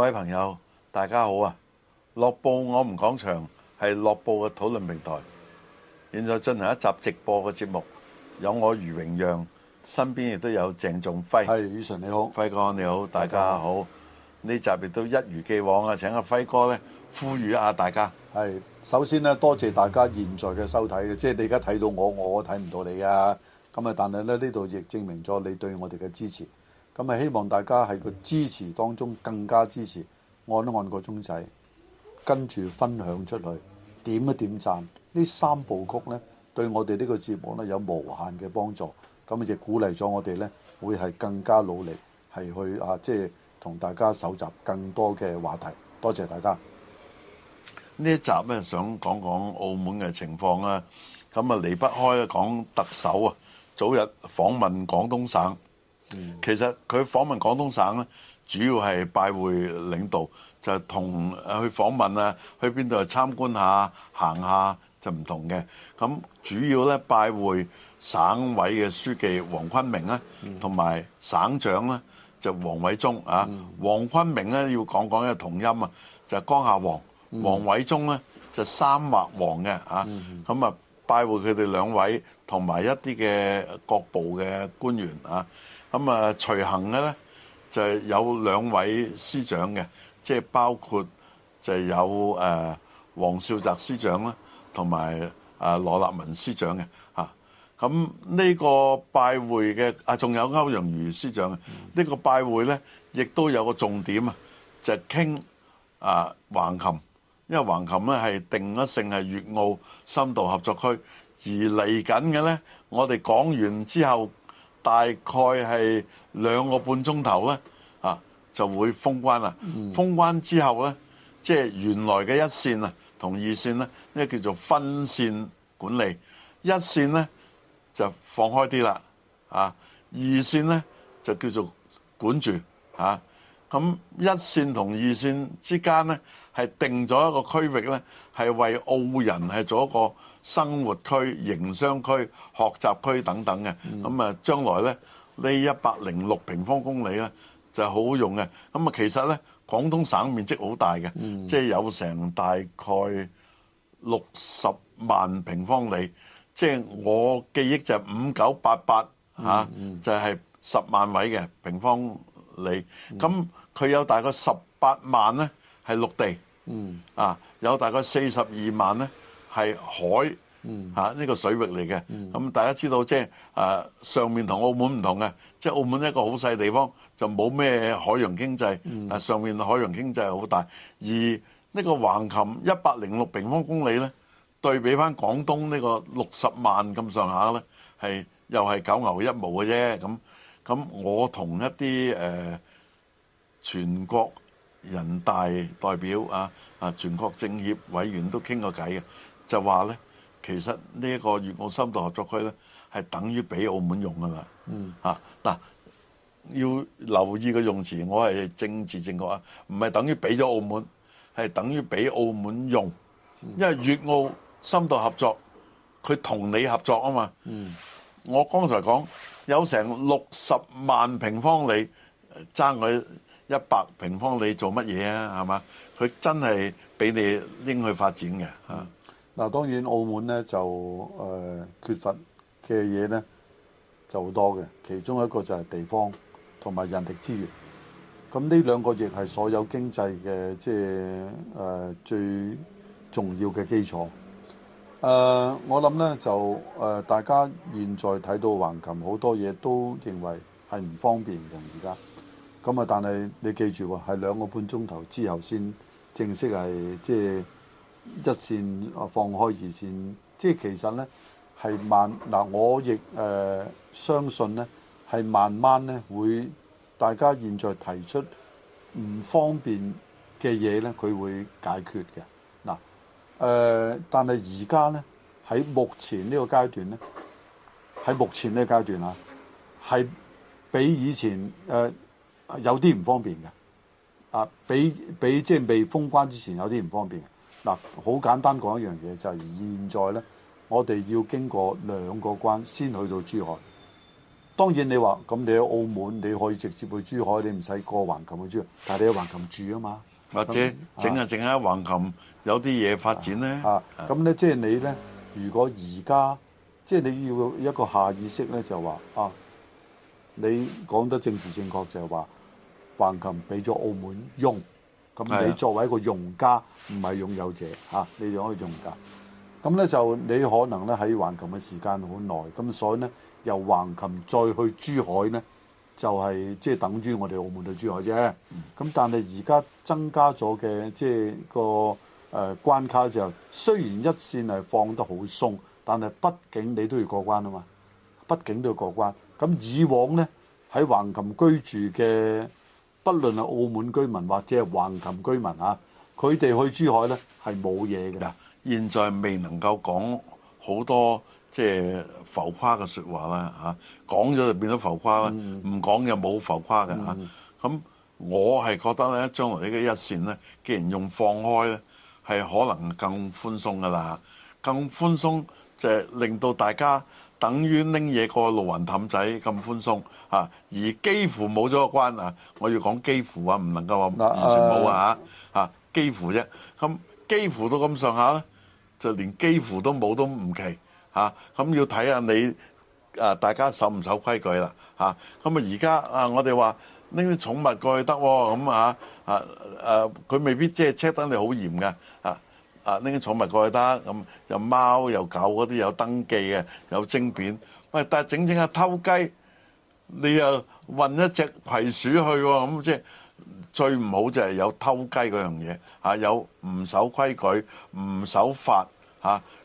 各位朋友，大家好啊！樂報我唔講場，係樂報嘅討論平台。現在進行一集直播嘅節目，有我余榮讓，身邊亦都有鄭仲輝。係余 Sir 你好，輝哥你好，大家好。呢集亦都一如既往啊，請阿輝哥咧呼籲一下大家。係首先呢，多謝大家現在嘅收睇嘅，即係你而家睇到我，我睇唔到你啊。咁啊，但係咧呢度亦證明咗你對我哋嘅支持。咁啊，希望大家喺個支持當中更加支持，按一按個鐘仔，跟住分享出去，點一點讚，呢三部曲呢，對我哋呢個節目呢，有無限嘅幫助。咁亦鼓勵咗我哋呢，會係更加努力，係去啊，即係同大家搜集更多嘅話題。多謝大家。呢一集呢，想講講澳門嘅情況啦。咁啊，離不開講特首啊，早日訪問廣東省。嗯、其實佢訪問廣東省咧，主要係拜會領導，就同去訪問啊，去邊度參觀一下、行一下就唔同嘅。咁主要咧拜會省委嘅書記黃坤明、嗯、王啊，同埋省長咧就王偉中啊。黃坤明咧要講講嘅同音啊，就係、江夏黃。王、嗯、偉中咧就三劃王嘅啊。咁、嗯、啊拜會佢哋兩位，同埋一啲嘅各部嘅官員啊。咁啊，隨行嘅咧就係有兩位司長嘅，即係包括就係有誒黃少澤司長啦，同埋啊羅立文司長嘅嚇。咁呢個拜會嘅啊，仲有歐陽瑜司長。呢個拜會咧，亦都有個重點啊，就係傾啊橫琴，因為橫琴咧係定咗性係粵澳深度合作區，而嚟緊嘅咧，我哋講完之後。大概係兩個半鐘頭咧，啊就會封關啦。封關之後咧，即係原來嘅一線啊同二線咧，呢叫做分線管理。一線咧就放開啲啦，啊二線咧就叫做管住啊。咁一線同二線之間咧係定咗一個區域咧，係為澳人係做一個。生活區、營商區、學習區等等嘅，咁啊將來呢，呢一百零六平方公里呢就好好用嘅。咁啊其實呢，廣東省面積好大嘅，即係有成大概六十萬平方里。即係我記憶就係五九八八啊就係十萬位嘅平方里。咁佢有大概十八萬呢，係陸地，啊有大概四十二萬呢。係海嚇呢個水域嚟嘅，嗯，咁，嗯、大家知道即係誒上面同澳門唔同嘅，即係澳門一個好細地方就冇咩海洋經濟，但係上面海洋經濟好大，而呢個橫琴一百零六平方公里呢，對比翻廣東這個60呢個六十萬咁上下呢，係又係九牛一毛嘅啫。咁咁我同一啲誒全國人大代表啊、啊全國政協委員都傾過偈嘅。就話呢，其實呢一個粵澳深度合作區呢，係等於俾澳門用㗎喇。嗯。嚇嗱，要留意個用詞，我係政治正確啊，唔係等於俾咗澳門，係等於俾澳門用。因為粵澳深度合作，佢同你合作啊嘛。嗯。我剛才講有成六十萬平方釐爭佢一百平方釐做乜嘢啊？係嘛？佢真係俾你拎去發展嘅啊！嗱，當然澳門咧就誒、呃、缺乏嘅嘢咧就好多嘅，其中一個就係地方同埋人力資源。咁呢兩個亦係所有經濟嘅即係誒最重要嘅基礎。誒、呃，我諗咧就誒，大、呃、家現在睇到橫琴好多嘢都認為係唔方便嘅而家。咁啊，但係你記住喎，係兩個半鐘頭之後先正式係即係。即係一線放開而線，二線即係其實咧係慢嗱，我亦誒、呃、相信咧係慢慢咧會，大家現在提出唔方便嘅嘢咧，佢會解決嘅嗱誒。但係而家咧喺目前呢個階段咧，喺目前呢個階段啊，係比以前誒、呃、有啲唔方便嘅啊，比比即係未封關之前有啲唔方便嘅。嗱、啊，好簡單講一樣嘢，就係、是、現在咧，我哋要經過兩個關先去到珠海。當然你話咁，你喺澳門你可以直接去珠海，你唔使過橫琴去珠海，但係你喺橫琴住啊嘛，或者、啊、整下整下橫琴有啲嘢發展咧嚇，咁、啊、咧、啊、即係你咧，如果而家即係你要一個下意識咧，就話啊，你講得政治正確就係話橫琴俾咗澳門用。咁你作為一個用家，唔係擁有者嚇、啊，你就可以用架。咁咧就你可能咧喺橫琴嘅時間好耐，咁所以咧由橫琴再去珠海咧，就係即係等於我哋澳門去珠海啫。咁但係而家增加咗嘅即係個誒關卡就，時雖然一線係放得好鬆，但係畢竟你都要過關啊嘛，畢竟都要過關。咁以往咧喺橫琴居住嘅。不論係澳門居民或者係橫琴居民啊，佢哋去珠海咧係冇嘢㗎啦。現在未能夠講好多即係浮誇嘅説話啦，嚇講咗就變咗浮誇啦，唔講又冇浮誇㗎嚇。咁、嗯、我係覺得咧，將來呢個一線咧，既然用放開咧，係可能更寬鬆㗎啦，更寬鬆就係令到大家。等於拎嘢過路環氹仔咁寬鬆嚇，而幾乎冇咗個關啊！我要講幾乎啊，唔能夠話完全冇啊嚇、呃、嚇幾乎啫，咁幾乎都咁上下咧，就連幾乎都冇都唔奇嚇，咁要睇下你啊，大家守唔守規矩啦嚇，咁啊而家啊我哋話拎啲寵物過去得喎，咁啊啊誒、啊、佢未必即係 check 得你好嚴㗎。啊！拎啲寵物過去得咁，有貓又狗嗰啲有登記嘅，有晶片。喂，但係整整下偷雞，你又運一隻皮鼠去喎，咁即係最唔好就係有偷雞嗰樣嘢，有唔守規矩、唔守法。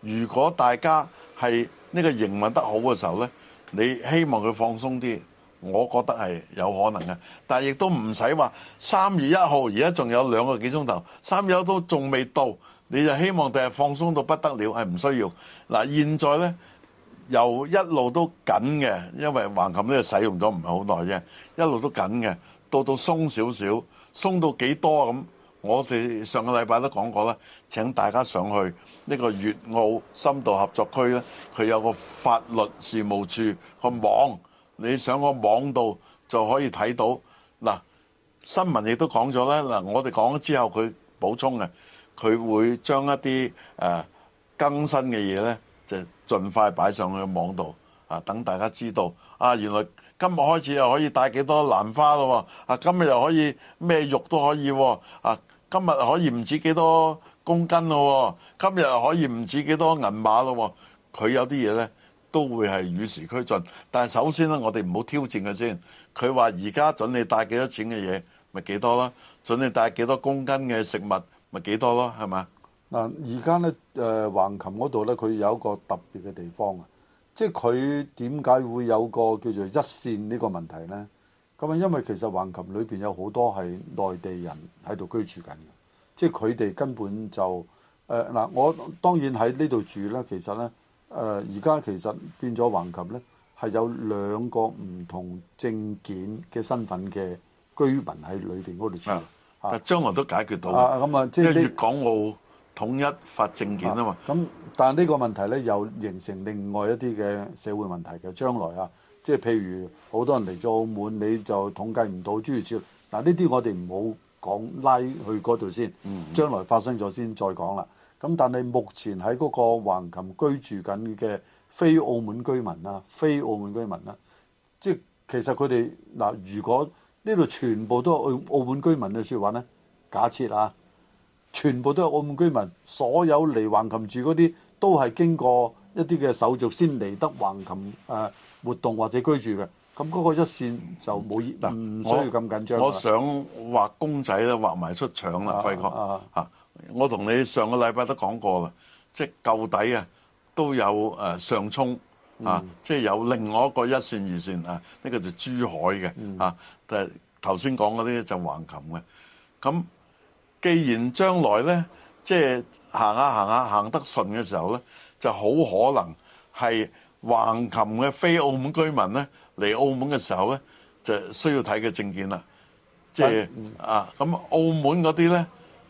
如果大家係呢個營運得好嘅時候呢，你希望佢放鬆啲，我覺得係有可能嘅，但亦都唔使話三月一號，而家仲有兩個幾鐘頭，三月一都仲未到。你就希望第日放鬆到不得了，係唔需要。嗱，現在呢又一路都緊嘅，因為橫琴呢使用咗唔係好耐啫，一路都緊嘅。到到鬆少少，鬆到幾多咁？我哋上個禮拜都講過啦。請大家上去呢、這個粵澳深度合作區呢，佢有個法律事務處個網，你上個網度就可以睇到。嗱，新聞亦都講咗啦，嗱，我哋講咗之後，佢補充嘅。佢會將一啲誒更新嘅嘢呢，就盡快擺上去網度啊！等大家知道啊，原來今日開始又可以帶幾多蘭花咯喎啊！今日又可以咩肉都可以喎啊！今日可以唔止幾多公斤咯喎，今日又可以唔止幾多銀碼咯喎。佢有啲嘢呢，都會係與時俱進，但係首先呢，我哋唔好挑戰佢先。佢話而家準你帶幾多錢嘅嘢，咪幾多啦？準你帶幾多公斤嘅食物？咪幾多咯，係咪？嗱，而家咧，誒橫琴嗰度咧，佢有一個特別嘅地方啊！即係佢點解會有個叫做一線呢個問題咧？咁啊，因為其實橫琴裏邊有好多係內地人喺度居住緊嘅，即係佢哋根本就嗱、呃，我當然喺呢度住啦。其實咧，誒而家其實變咗橫琴咧，係有兩個唔同證件嘅身份嘅居民喺裏邊嗰度住。啊！將來都解決到啊！咁啊，即係粵港澳統一發證件啊嘛。咁但係呢個問題咧，又形成另外一啲嘅社會問題嘅。將來啊，即係譬如好多人嚟咗澳門，你就統計唔到諸如此類。嗱，呢啲我哋唔好講拉去嗰度先。將將來發生咗先再講啦。咁但係目前喺嗰個橫琴居住緊嘅非澳門居民啊，非澳門居民啊，即係其實佢哋嗱，如果呢度全部都係澳澳門居民嘅說話咧。假設啊，全部都係澳門居民，所有嚟橫琴住嗰啲都係經過一啲嘅手續先嚟得橫琴活動或者居住嘅。咁嗰個一線就冇，唔需要咁緊張我，我想畫公仔咧，畫埋出場啦，輝哥、啊、吓、啊啊、我同你上個禮拜都講過啦，即係舊底啊都有上沖。嗯、啊！即、就、係、是、有另外一個一線二線啊，呢、這個就是珠海嘅啊，嗯、但係頭先講嗰啲就是橫琴嘅。咁既然將來咧，即、就、係、是、行下、啊、行下、啊、行得順嘅時候咧，就好可能係橫琴嘅非澳門居民咧嚟澳門嘅時候咧，就需要睇嘅證件啦。即、嗯、係啊，咁澳門嗰啲咧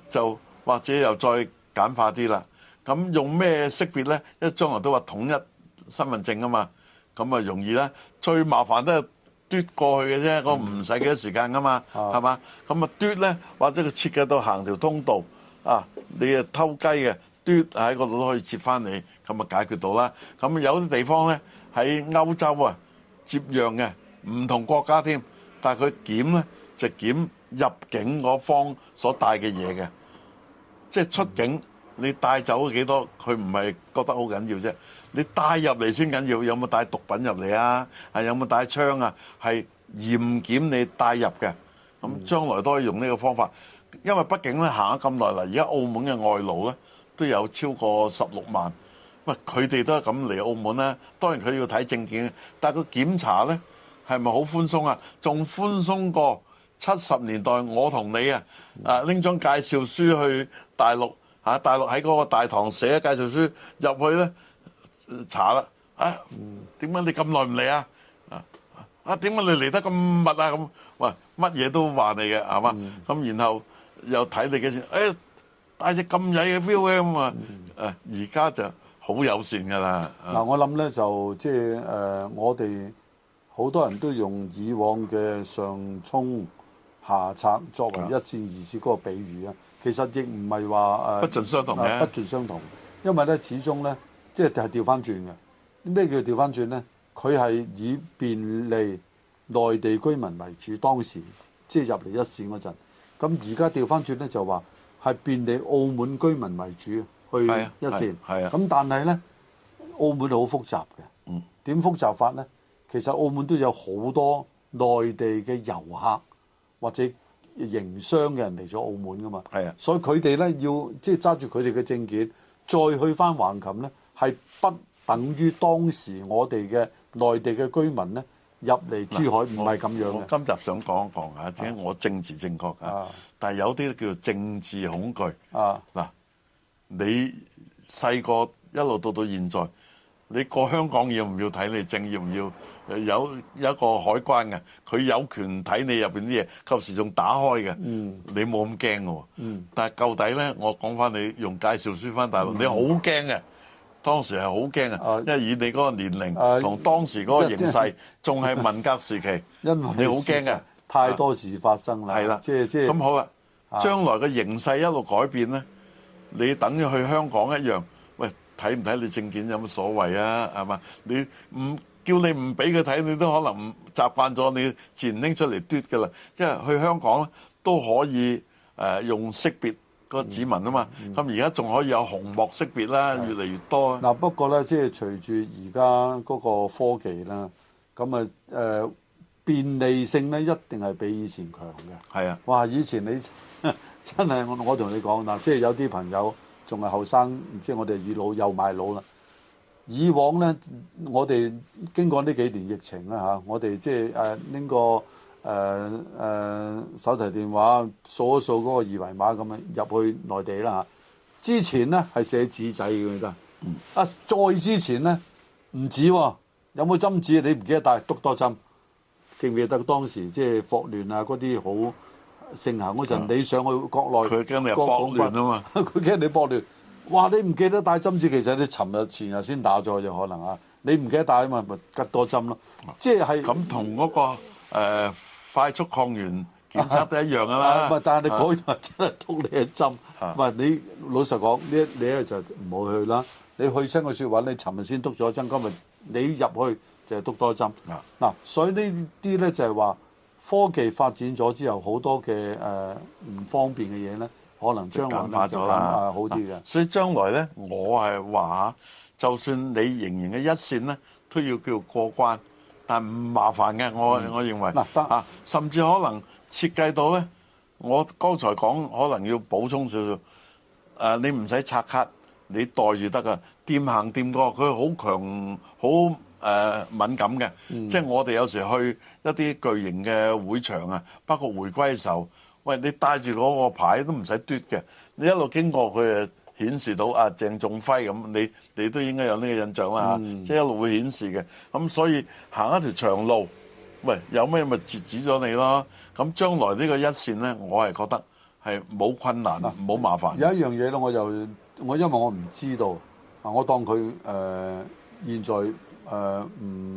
就或者又再簡化啲啦。咁用咩識別咧？一將來都話統一。身份證啊嘛，咁啊容易啦。最麻煩都係嘟過去嘅啫，我唔使幾多時間噶嘛，係嘛？咁啊嘟咧，或者佢設計到行條通道啊，你啊偷雞嘅嘟喺嗰度都可以接翻你，咁啊解決到啦。咁有啲地方咧喺歐洲啊，接壤嘅唔同國家添，但係佢檢咧就檢入境嗰方所帶嘅嘢嘅，即係出境你帶走幾多，佢唔係覺得好緊要啫。你帶入嚟先緊要，有冇帶毒品入嚟啊？有冇帶槍啊？係嚴檢你帶入嘅。咁將來都可以用呢個方法。因為畢竟咧行咗咁耐啦，而家澳門嘅外勞咧都有超過十六萬。喂，佢哋都係咁嚟澳門咧，當然佢要睇證件，但係個檢查咧係咪好寬鬆啊？仲寬鬆過七十年代我同你啊啊拎張介紹書去大陸啊，大陸喺嗰個大堂寫介紹書入去咧。查啦！啊，點解你咁耐唔嚟啊？啊，點解你嚟得咁密啊？咁，喂，乜嘢都話你嘅係嘛？咁然後又睇你嘅？誒，帶隻咁曳嘅標嘅咁啊！誒，而家就好友善噶啦。嗱，我諗咧就即係誒，我哋好多人都用以往嘅上沖下策作為一線二線嗰個比喻啊。其實亦唔係話誒不盡相同嘅，不盡相同，因為咧始終咧。即係調翻轉嘅。咩叫調翻轉呢？佢係以便利內地居民為主。當時即係、就係、入嚟一線嗰陣。咁而家調翻轉呢，就話係便利澳門居民為主去一線。咁、啊啊啊、但係呢，澳門好複雜嘅。嗯。點複雜法呢？其實澳門都有好多內地嘅遊客或者營商嘅人嚟咗澳門㗎嘛。啊。所以佢哋呢，要即係揸住佢哋嘅證件，再去翻橫琴呢。係不等於當時我哋嘅內地嘅居民咧，入嚟珠海，唔係咁樣嘅。我今集想講一講啊，等我政治正確啊，但係有啲叫做政治恐懼啊。嗱，你細個一路到到現在，你過香港要唔要睇你證？要唔要有有一個海關嘅？佢有權睇你入邊啲嘢，及時仲打開嘅。嗯，你冇咁驚嘅喎。嗯，但係究竟咧，我講翻你用介紹書翻大陸，你好驚嘅。當時係好驚啊！因為以你嗰個年齡同當時嗰個形勢，仲係文革時期，你好驚啊，太多事發生啦。係啦，即係即係咁好啦。將來嘅形勢一路改變咧，你等於去香港一樣。喂，睇唔睇你證件有乜所謂啊？係嘛？你唔叫你唔俾佢睇，你都可能唔習慣咗，你自然拎出嚟嘟㗎啦。因為去香港咧都可以誒用識別，個指紋啊嘛，咁而家仲可以有虹膜識別啦，越嚟越多、啊。嗱，不過咧，即係隨住而家嗰個科技啦，咁啊誒便利性咧，一定係比以前強嘅。係啊，哇！以前你真係我我同你講啦，即係有啲朋友仲係後生，即係我哋已老又賣老啦。以往咧，我哋經過呢幾年疫情啦嚇、啊，我哋即係誒呢個。啊誒、呃、誒、呃，手提電話掃一掃嗰個二維碼咁樣入去內地啦嚇，之前咧係寫紙仔咁樣得，啊、嗯、再之前咧唔止喎、哦，有冇針紙？你唔記得帶篤多針，記唔記得當時即係霍亂啊？嗰啲好盛行嗰陣、嗯，你上去國內佢驚你霍亂啊嘛，佢 驚你霍亂。哇！你唔記得帶針紙，其實你尋日前日先打咗就可能啊。你唔記得帶啊嘛，咪篤多針咯、嗯。即係咁同嗰個、呃快速抗原檢測都一樣㗎啦，唔、啊啊啊啊啊啊、但係你嗰日真係篤你一針，唔、啊、你老實講，呢你咧就唔好去啦。你去聽個説話，你尋日先篤咗一針，今日你入去就篤多針。嗱、啊啊，所以這些呢啲咧就係、是、話科技發展咗之後，好多嘅誒唔方便嘅嘢咧，可能將來咧就簡化咗啦、啊，好啲嘅、啊。所以將來咧，我係話就算你仍然嘅一線咧，都要叫過關。但唔麻煩嘅，我我認為啊，甚至可能設計到咧，我剛才講可能要補充少少。誒，你唔使插卡，你帶住得噶。掂行掂過佢好強，好誒敏感嘅。即係我哋有時去一啲巨型嘅會場啊，包括回歸嘅時候，喂你帶住嗰個牌都唔使嘟嘅，你一路經過佢誒。顯示到啊，鄭仲輝咁，你你都應該有呢個印象啦，即、嗯、係一路會顯示嘅。咁所以行一條長路，喂，有咩咪截止咗你咯？咁將來呢個一線呢，我係覺得係冇困難，冇、嗯、麻煩。有一樣嘢咧，我就我因為我唔知道，啊，我當佢誒、呃、現在誒唔、呃、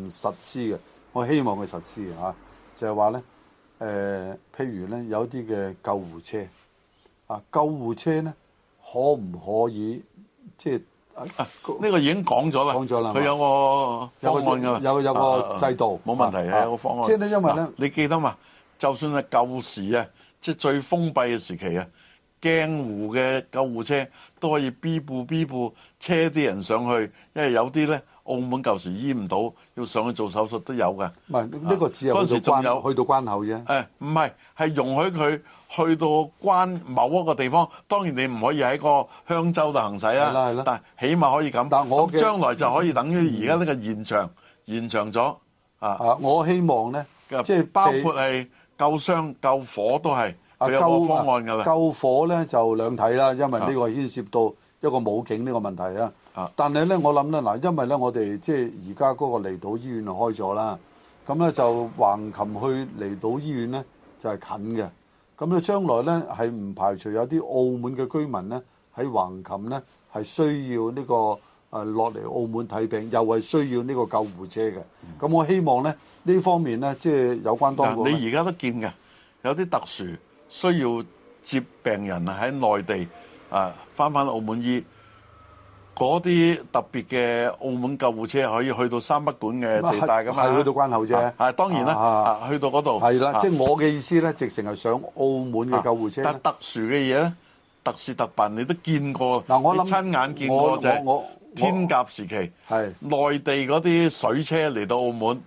實施嘅，我希望佢實施嘅嚇，就係話呢，誒、呃，譬如呢，有啲嘅救護車啊，救護車呢。可唔可以即係？呢、啊呢個已經講咗啦，佢有個方案、啊、有有個制度，冇、啊、問題、啊、有個方案。即係咧，就是、因為咧，你記得嘛？就算係舊時啊，即係最封閉嘅時期啊，鏡湖嘅救護車都可以 B 步、B 步車啲人上去，因為有啲咧。澳門舊時，醫唔到，要上去做手術都有嘅。唔係呢個只係去到關。當時仲有去到關口啫。誒，唔係，係容許佢去到關某一個地方。當然你唔可以喺個香洲度行駛啦。係啦，係啦。但係起碼可以咁。但係我將來就可以等於而家呢個現場，延長咗啊。啊，我希望咧，即係包括係救傷、救火都係佢有個方案噶啦。救火咧就兩睇啦，因為呢個牽涉到一個武警呢個問題啊。啊！但係咧，我諗咧，嗱，因為咧，我哋即係而家嗰個離島醫院開咗啦，咁咧就橫琴去離島醫院咧就係、是、近嘅。咁咧，將來咧係唔排除有啲澳門嘅居民咧喺橫琴咧係需要呢、個、呃、落嚟澳門睇病，又係需要呢個救護車嘅。咁、嗯、我希望咧呢方面咧即係有關當局。嗱，你而家都見嘅，有啲特殊需要接病人喺內地呃，翻翻澳門醫。嗰啲特別嘅澳門救護車可以去到三不管嘅地帶㗎嘛？去到關口啫、啊。係、啊、當然啦、啊啊，去到嗰度係啦。即係我嘅意思咧，直情係上澳門嘅救護車。特、啊、特殊嘅嘢，特殊特辦，你都見過。嗱、啊，我諗親眼見過就係我，我，我天鴿時期，係內地嗰啲水車嚟到澳門。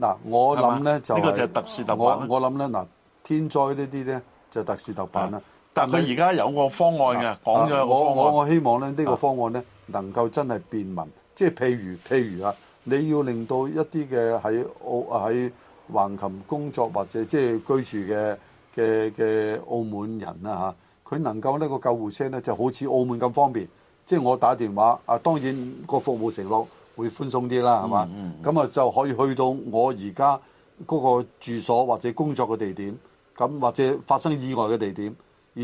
嗱、啊，我諗咧就呢、係呢個就係特殊特辦。我我諗咧嗱，天災呢啲咧就係、特殊特辦啦。但佢而家有個方案嘅、啊、講嘅，我我我希望咧呢、呢個方案咧能夠真係便民，啊、即係譬如譬如啊，你要令到一啲嘅喺澳喺橫琴工作或者即係居住嘅嘅嘅澳門人啊，佢能夠呢、呢個救護車咧就好似澳門咁方便，即係我打電話啊，當然個服務承諾會寬鬆啲啦，係嘛，咁啊就可以去到我而家嗰個住所或者工作嘅地點，咁或者發生意外嘅地點。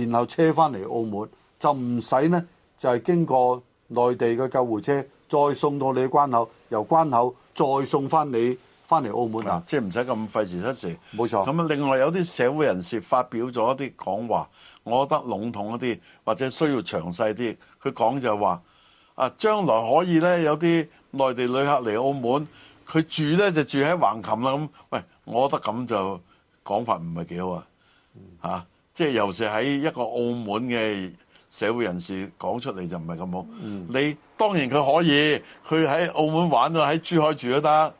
然後車翻嚟澳門就唔使呢就係、是、經過內地嘅救護車，再送到你關口，由關口再送翻你翻嚟澳門啊！嗯、即係唔使咁費事出事，冇錯。咁另外有啲社會人士發表咗一啲講話，我覺得籠統一啲，或者需要詳細啲。佢講就話話啊，將來可以呢有啲內地旅客嚟澳門，佢住呢就住喺橫琴啦。咁喂，我覺得咁就講法唔係幾好啊，嗯即係尤其喺一個澳門嘅社會人士講出嚟就唔係咁好。你當然佢可以，佢喺澳門玩咗喺珠海住都得。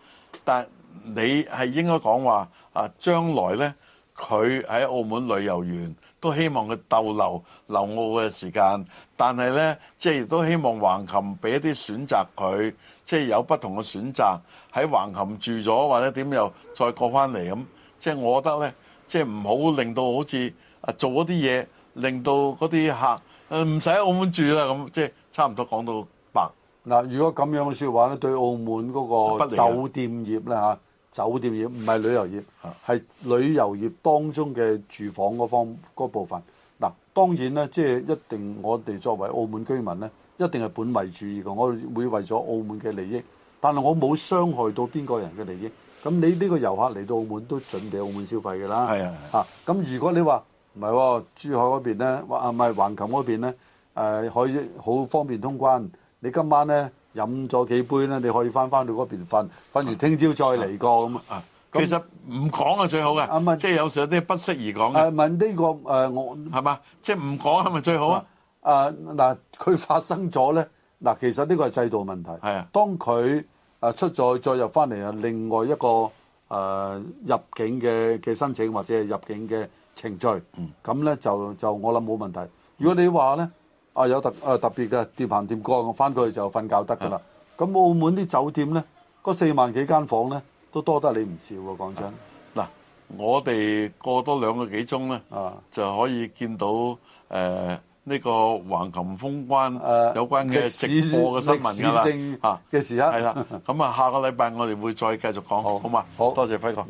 但你係應該講話啊，將來呢，佢喺澳門旅遊完都希望佢逗留留澳嘅時間。但係呢，即係亦都希望橫琴俾一啲選擇佢，即係有不同嘅選擇喺橫琴住咗或者點又再過翻嚟咁。即係我覺得呢，即係唔好令到好似。做嗰啲嘢，令到嗰啲客誒唔使喺澳門住啦，咁即係差唔多講到白嗱。如果咁樣嘅說話咧，對澳門嗰個酒店業咧嚇，酒店業唔係旅遊業，係 旅遊業當中嘅住房嗰方嗰、嗰個、部分嗱。當然啦，即係一定我哋作為澳門居民咧，一定係本位主義嘅，我會為咗澳門嘅利益，但係我冇傷害到邊個人嘅利益。咁你呢個遊客嚟到澳門都準備澳門消費㗎啦，係啊，嚇。咁、啊、如果你話，唔係喎，珠海嗰邊咧，或唔係橫琴嗰邊咧，誒、呃、可以好方便通關。你今晚咧飲咗幾杯咧，你可以翻返到嗰邊瞓，瞓完聽朝再嚟過咁啊、嗯嗯。其實唔講係最好嘅。啊即係、就是、有時有啲不適宜講嘅。啊問呢個誒、啊，我係嘛，即係唔講係咪最好啊？啊嗱，佢、啊、發生咗咧嗱，其實呢個係制度問題。係啊，當佢啊出咗再入翻嚟啊，另外一個誒、啊、入境嘅嘅申請或者係入境嘅。程序，嗯，咁咧就就我諗冇問題。如果你話咧啊，有特啊特別嘅跌行跌降，我翻過去就瞓覺得噶啦。咁澳門啲酒店咧，嗰四萬幾間房咧，都多得你唔少喎。講真，嗱，我哋過多兩個幾鐘咧啊，就可以見到誒呢個橫琴封關有關嘅直播嘅新聞噶啦，歷史性嘅時刻，係啦。咁啊，下個禮拜我哋會再繼續講，好好嘛？好，多謝輝哥。